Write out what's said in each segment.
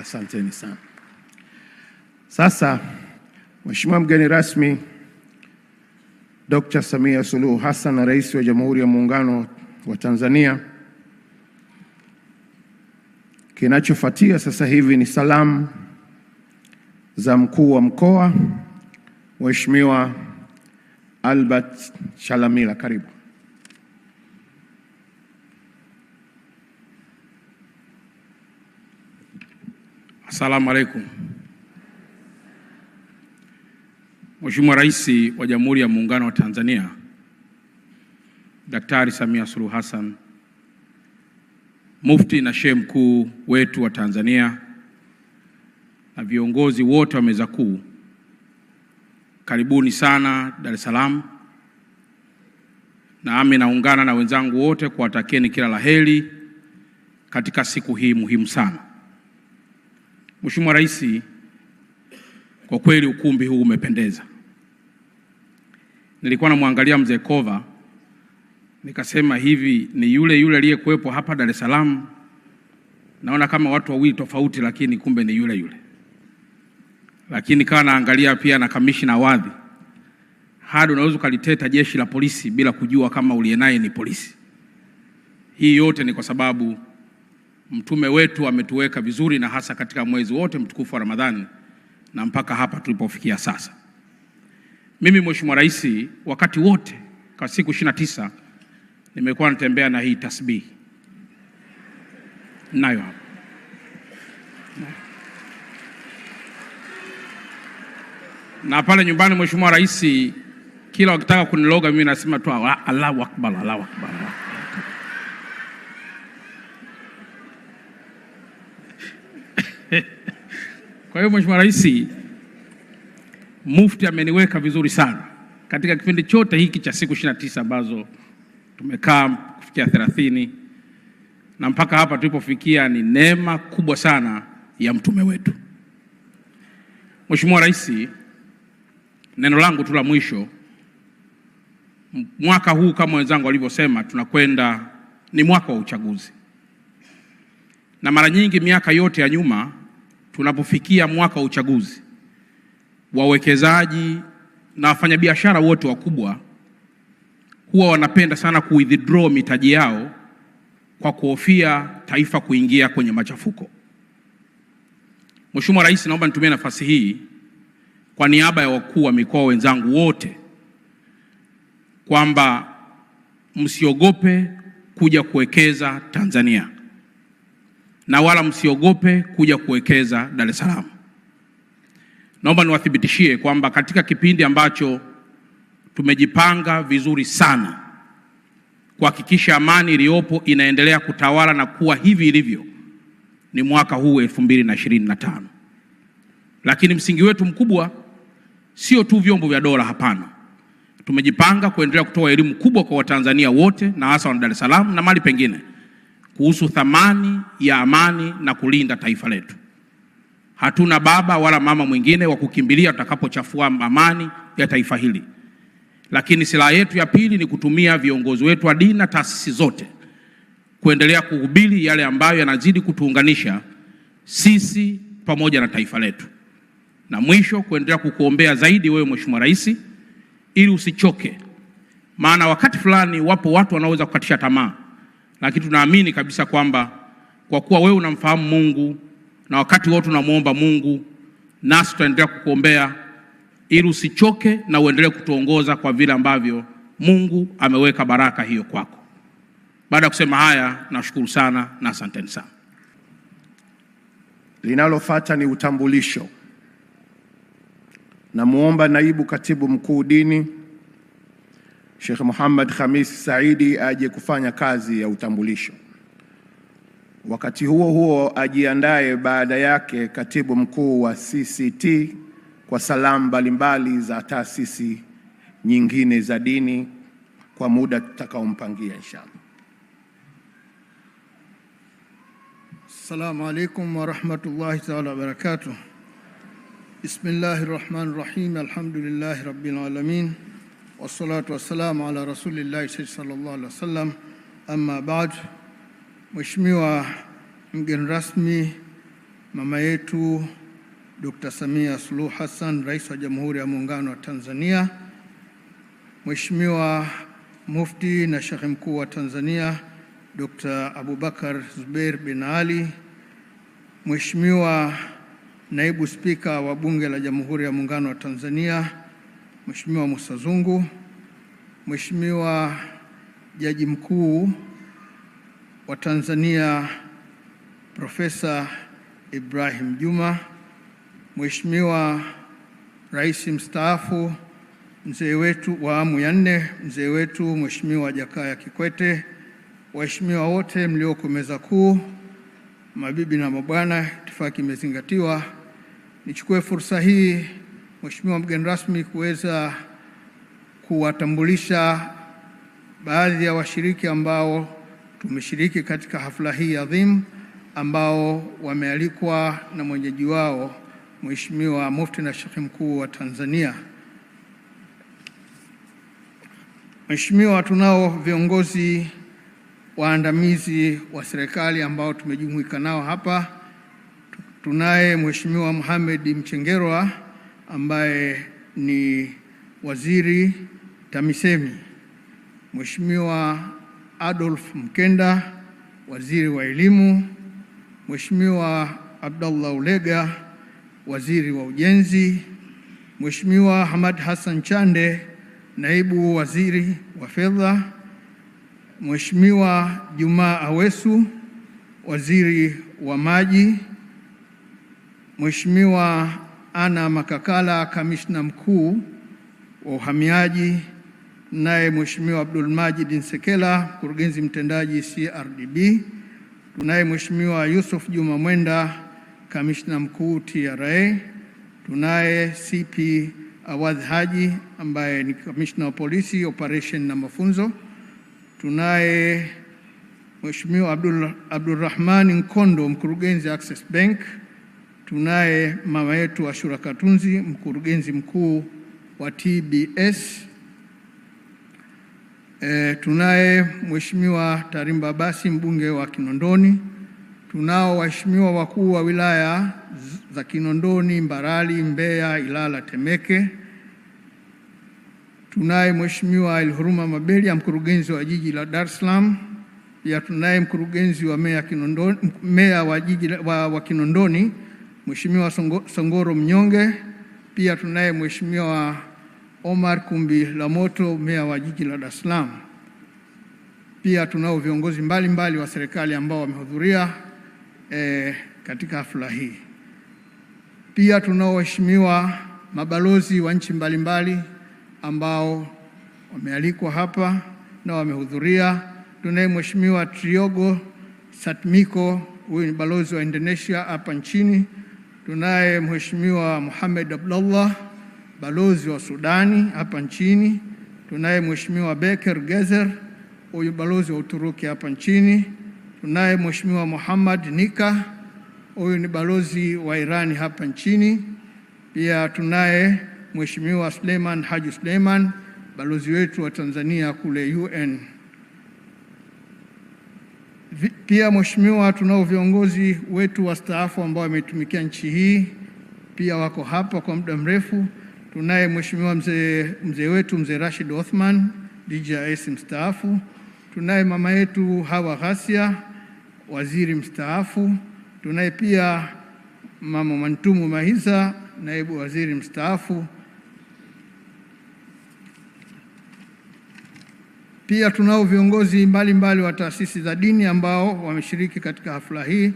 Asanteni sana. Sasa Mheshimiwa mgeni rasmi, Dkt. Samia Suluhu Hassan na Rais wa Jamhuri ya Muungano wa Tanzania, kinachofuatia sasa hivi ni salamu za mkuu wa mkoa Mheshimiwa Albert Chalamila, karibu. Asalamu alaikum. Mheshimiwa Rais wa Jamhuri ya Muungano wa Tanzania Daktari Samia Suluhu Hassan, Mufti na Shehe Mkuu wetu wa Tanzania na viongozi wote wa meza kuu, karibuni sana Dar es Salaam, nami naungana na wenzangu wote kuwatakieni kila la heri katika siku hii muhimu sana. Mheshimiwa Rais, kwa kweli ukumbi huu umependeza. Nilikuwa namwangalia mzee Kova nikasema hivi ni yule yule aliyekuwepo hapa Dar es Salaam. Naona kama watu wawili tofauti, lakini kumbe ni yule yule. Lakini kawa naangalia pia na kamishina wadhi, hadi unaweza ukaliteta jeshi la polisi bila kujua kama uliye naye ni polisi. Hii yote ni kwa sababu mtume wetu ametuweka vizuri, na hasa katika mwezi wote mtukufu wa Ramadhani na mpaka hapa tulipofikia sasa. Mimi Mheshimiwa Rais, wakati wote kwa siku 29 nimekuwa natembea na hii tasbihi nayo hapa na pale nyumbani. Mheshimiwa Rais, kila wakitaka kuniloga mimi nasema tu Allahu Akbar, Allahu Akbar, Allahu Akbar. Kwa hiyo Mheshimiwa Rais Mufti ameniweka vizuri sana katika kipindi chote hiki cha siku 29 ambazo tumekaa kufikia 30 na mpaka hapa tulipofikia, ni neema kubwa sana ya mtume wetu. Mheshimiwa Rais, neno langu tu la mwisho, mwaka huu kama wenzangu walivyosema, tunakwenda ni mwaka wa uchaguzi, na mara nyingi miaka yote ya nyuma tunapofikia mwaka wa uchaguzi, wawekezaji na wafanyabiashara wote wakubwa huwa wanapenda sana kuwithdraw mitaji yao kwa kuhofia taifa kuingia kwenye machafuko. Mheshimiwa Rais, naomba nitumie nafasi hii kwa niaba ya wakuu wa mikoa wenzangu wote kwamba msiogope kuja kuwekeza Tanzania na wala msiogope kuja kuwekeza Dar es Salaam. Naomba niwathibitishie kwamba katika kipindi ambacho tumejipanga vizuri sana kuhakikisha amani iliyopo inaendelea kutawala na kuwa hivi ilivyo ni mwaka huu elfu mbili na ishirini na tano. Lakini msingi wetu mkubwa sio tu vyombo vya dola, hapana. Tumejipanga kuendelea kutoa elimu kubwa kwa Watanzania wote na hasa wana Dar es Salaam na mali pengine kuhusu thamani ya amani na kulinda taifa letu. Hatuna baba wala mama mwingine wa kukimbilia tutakapochafua amani ya taifa hili. Lakini silaha yetu ya pili ni kutumia viongozi wetu wa dini na taasisi zote kuendelea kuhubiri yale ambayo yanazidi kutuunganisha sisi pamoja na taifa letu. Na mwisho, kuendelea kukuombea zaidi wewe Mheshimiwa Rais, ili usichoke, maana wakati fulani wapo watu wanaoweza kukatisha tamaa lakini tunaamini kabisa kwamba kwa kuwa wewe unamfahamu Mungu na wakati wote unamwomba Mungu, nasi tutaendelea kukuombea ili usichoke na uendelee kutuongoza kwa vile ambavyo Mungu ameweka baraka hiyo kwako. Baada ya kusema haya, nashukuru sana na asanteni sana. Linalofuata ni utambulisho. Namwomba naibu katibu mkuu dini Sheikh Muhammad Khamis Saidi aje kufanya kazi ya utambulisho. Wakati huo huo, ajiandaye baada yake katibu mkuu wa CCT kwa salamu mbalimbali za taasisi nyingine za dini kwa muda tutakaompangia inshallah. Assalamu alaikum warahmatullahi taala wabarakatuh. Bismillahi rahmani rahim, alhamdulillahi rabbil alamin wassalatu wassalamu ala rasulillahi sallallahu alaihi wasallam, amma baad. Mheshimiwa mgeni rasmi, mama yetu Dr. Samia Suluhu Hassan, Rais wa Jamhuri ya Muungano wa Tanzania, Mheshimiwa Mufti na Sheikh Mkuu wa Tanzania Dr. Abubakar Zubeir bin Ali, Mheshimiwa Naibu Spika wa Bunge la Jamhuri ya Muungano wa Tanzania Mheshimiwa Musa Zungu, Mheshimiwa Jaji Mkuu wa Tanzania Profesa Ibrahim Juma, Mheshimiwa Rais Mstaafu mzee wetu wa awamu ya nne, mzee wetu Mheshimiwa Jakaya Kikwete, waheshimiwa wote mlioko meza kuu, mabibi na mabwana, itifaki imezingatiwa. Nichukue fursa hii Mheshimiwa mgeni rasmi kuweza kuwatambulisha baadhi ya washiriki ambao tumeshiriki katika hafla hii adhimu ambao wamealikwa na mwenyeji wao Mheshimiwa Mufti na Sheikh Mkuu wa Tanzania. Mheshimiwa, tunao viongozi waandamizi wa serikali ambao tumejumuika nao hapa. Tunaye Mheshimiwa Mohamed Mchengerwa ambaye ni waziri TAMISEMI, Mheshimiwa Adolf Mkenda, waziri wa elimu, Mheshimiwa Abdallah Ulega, waziri wa ujenzi, Mheshimiwa Hamad Hassan Chande, naibu waziri wa fedha, Mheshimiwa Jumaa Awesu, waziri wa maji, Mheshimiwa ana Makakala, kamishna mkuu wa uhamiaji, naye Mheshimiwa Abdul Majid Nsekela, mkurugenzi mtendaji CRDB. Tunaye Mheshimiwa Yusuf Juma Mwenda, kamishna mkuu TRA. Tunaye CP Awadh Haji ambaye ni kamishna wa polisi operation na mafunzo. Tunaye Mheshimiwa Abdul Abdulrahman Nkondo, mkurugenzi Access Bank tunaye mama yetu Ashura Katunzi, mkurugenzi mkuu wa TBS. E, tunaye Mheshimiwa Tarimba Basi, mbunge wa Kinondoni. Tunao waheshimiwa wakuu wa wilaya za Kinondoni, Mbarali, Mbeya, Ilala, Temeke. Tunaye Mheshimiwa Elhuruma Mabelia, mkurugenzi wa jiji la Dar es Salaam. Pia tunaye mkurugenzi wa meya Kinondoni, meya wa jiji wa, wa Kinondoni Mheshimiwa Songoro Mnyonge. Pia tunaye Mheshimiwa Omar Kumbi la Moto, meya wa jiji la Dar es Salaam. Pia tunao viongozi mbalimbali mbali wa serikali ambao wamehudhuria e, katika hafla hii. Pia tunao waheshimiwa mabalozi wa nchi mbalimbali ambao wamealikwa hapa na wamehudhuria. Tunaye Mheshimiwa Triogo Satmiko, huyu ni balozi wa Indonesia hapa nchini tunaye Mheshimiwa Muhammad Abdullah, balozi wa Sudani hapa nchini. Tunaye Mheshimiwa Beker Gezer, huyu balozi wa Uturuki hapa nchini. Tunaye Mheshimiwa Muhammad Nika, huyu ni balozi wa Irani hapa nchini. Pia tunaye Mheshimiwa Suleiman Haji Suleiman, balozi wetu wa Tanzania kule UN. Pia mheshimiwa, tunao viongozi wetu wastaafu ambao wametumikia nchi hii pia wako hapa kwa muda mrefu. Tunaye mheshimiwa mzee mzee wetu mzee Rashid Othman DJS mstaafu, tunaye mama yetu Hawa Ghasia waziri mstaafu, tunaye pia mama mantumu Mahiza naibu waziri mstaafu. Pia tunao viongozi mbalimbali wa taasisi za dini ambao wameshiriki katika hafla hii.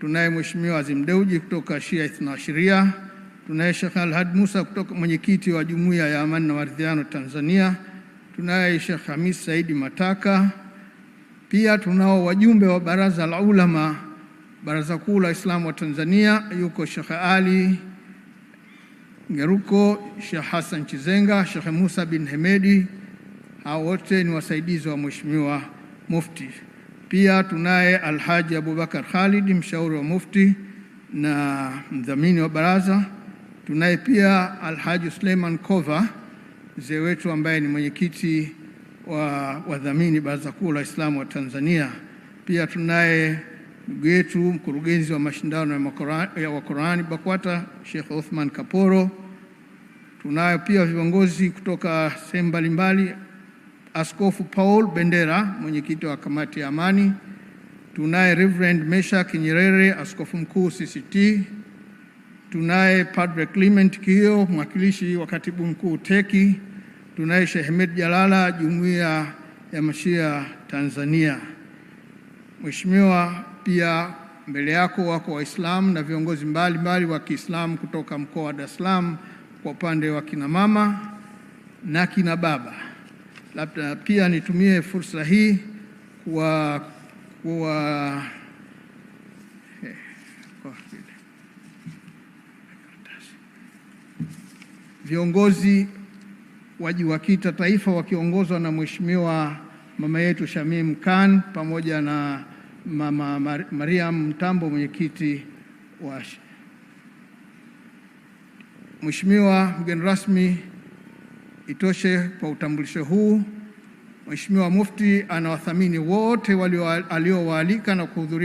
Tunaye Mheshimiwa Azim Deuji kutoka Shia Ithnaashiria, tunaye Sheikh Alhad Musa kutoka mwenyekiti wa Jumuiya ya Amani na Maridhiano Tanzania, tunaye Sheikh Hamis Saidi Mataka. Pia tunao wajumbe wa Baraza la Ulama, Baraza Kuu la Waislamu wa Tanzania, yuko Sheikh Ali Ngeruko, Sheikh Hassan Chizenga, Sheikh Musa bin Hemedi hao wote ni wasaidizi wa Mheshimiwa Mufti. Pia tunaye Alhaji Abubakar Khalid, mshauri wa Mufti na mdhamini wa baraza. Tunaye pia Alhaji Suleiman Kova, mzee wetu ambaye ni mwenyekiti wa wadhamini Baraza Kuu la Waislamu wa Tanzania. Pia tunaye ndugu yetu mkurugenzi wa mashindano ya Wakorani BAKWATA Sheikh Othman Kaporo. Tunayo pia viongozi kutoka sehemu mbalimbali Askofu Paul Bendera, mwenyekiti wa kamati ya amani. Tunaye Reverend Meshak Nyerere, askofu mkuu CCT. Tunaye Padre Clement Kio, mwakilishi wa katibu mkuu teki. Tunaye Shehmed Jalala, jumuiya ya Mashia Tanzania. Mheshimiwa, pia mbele yako wako Waislamu na viongozi mbalimbali wa Kiislamu kutoka mkoa wa Dar es Salaam kwa upande wa kina mama na kina baba. Labda pia nitumie fursa hii kwa kwa viongozi wajiwakita taifa wakiongozwa na Mheshimiwa mama yetu Shamim Khan pamoja na mama Mar Mariam Mtambo mwenyekiti wa Mheshimiwa mgeni rasmi Itoshe kwa utambulisho huu, Mheshimiwa Mufti anawathamini wote aliowaalika na kuhudhuria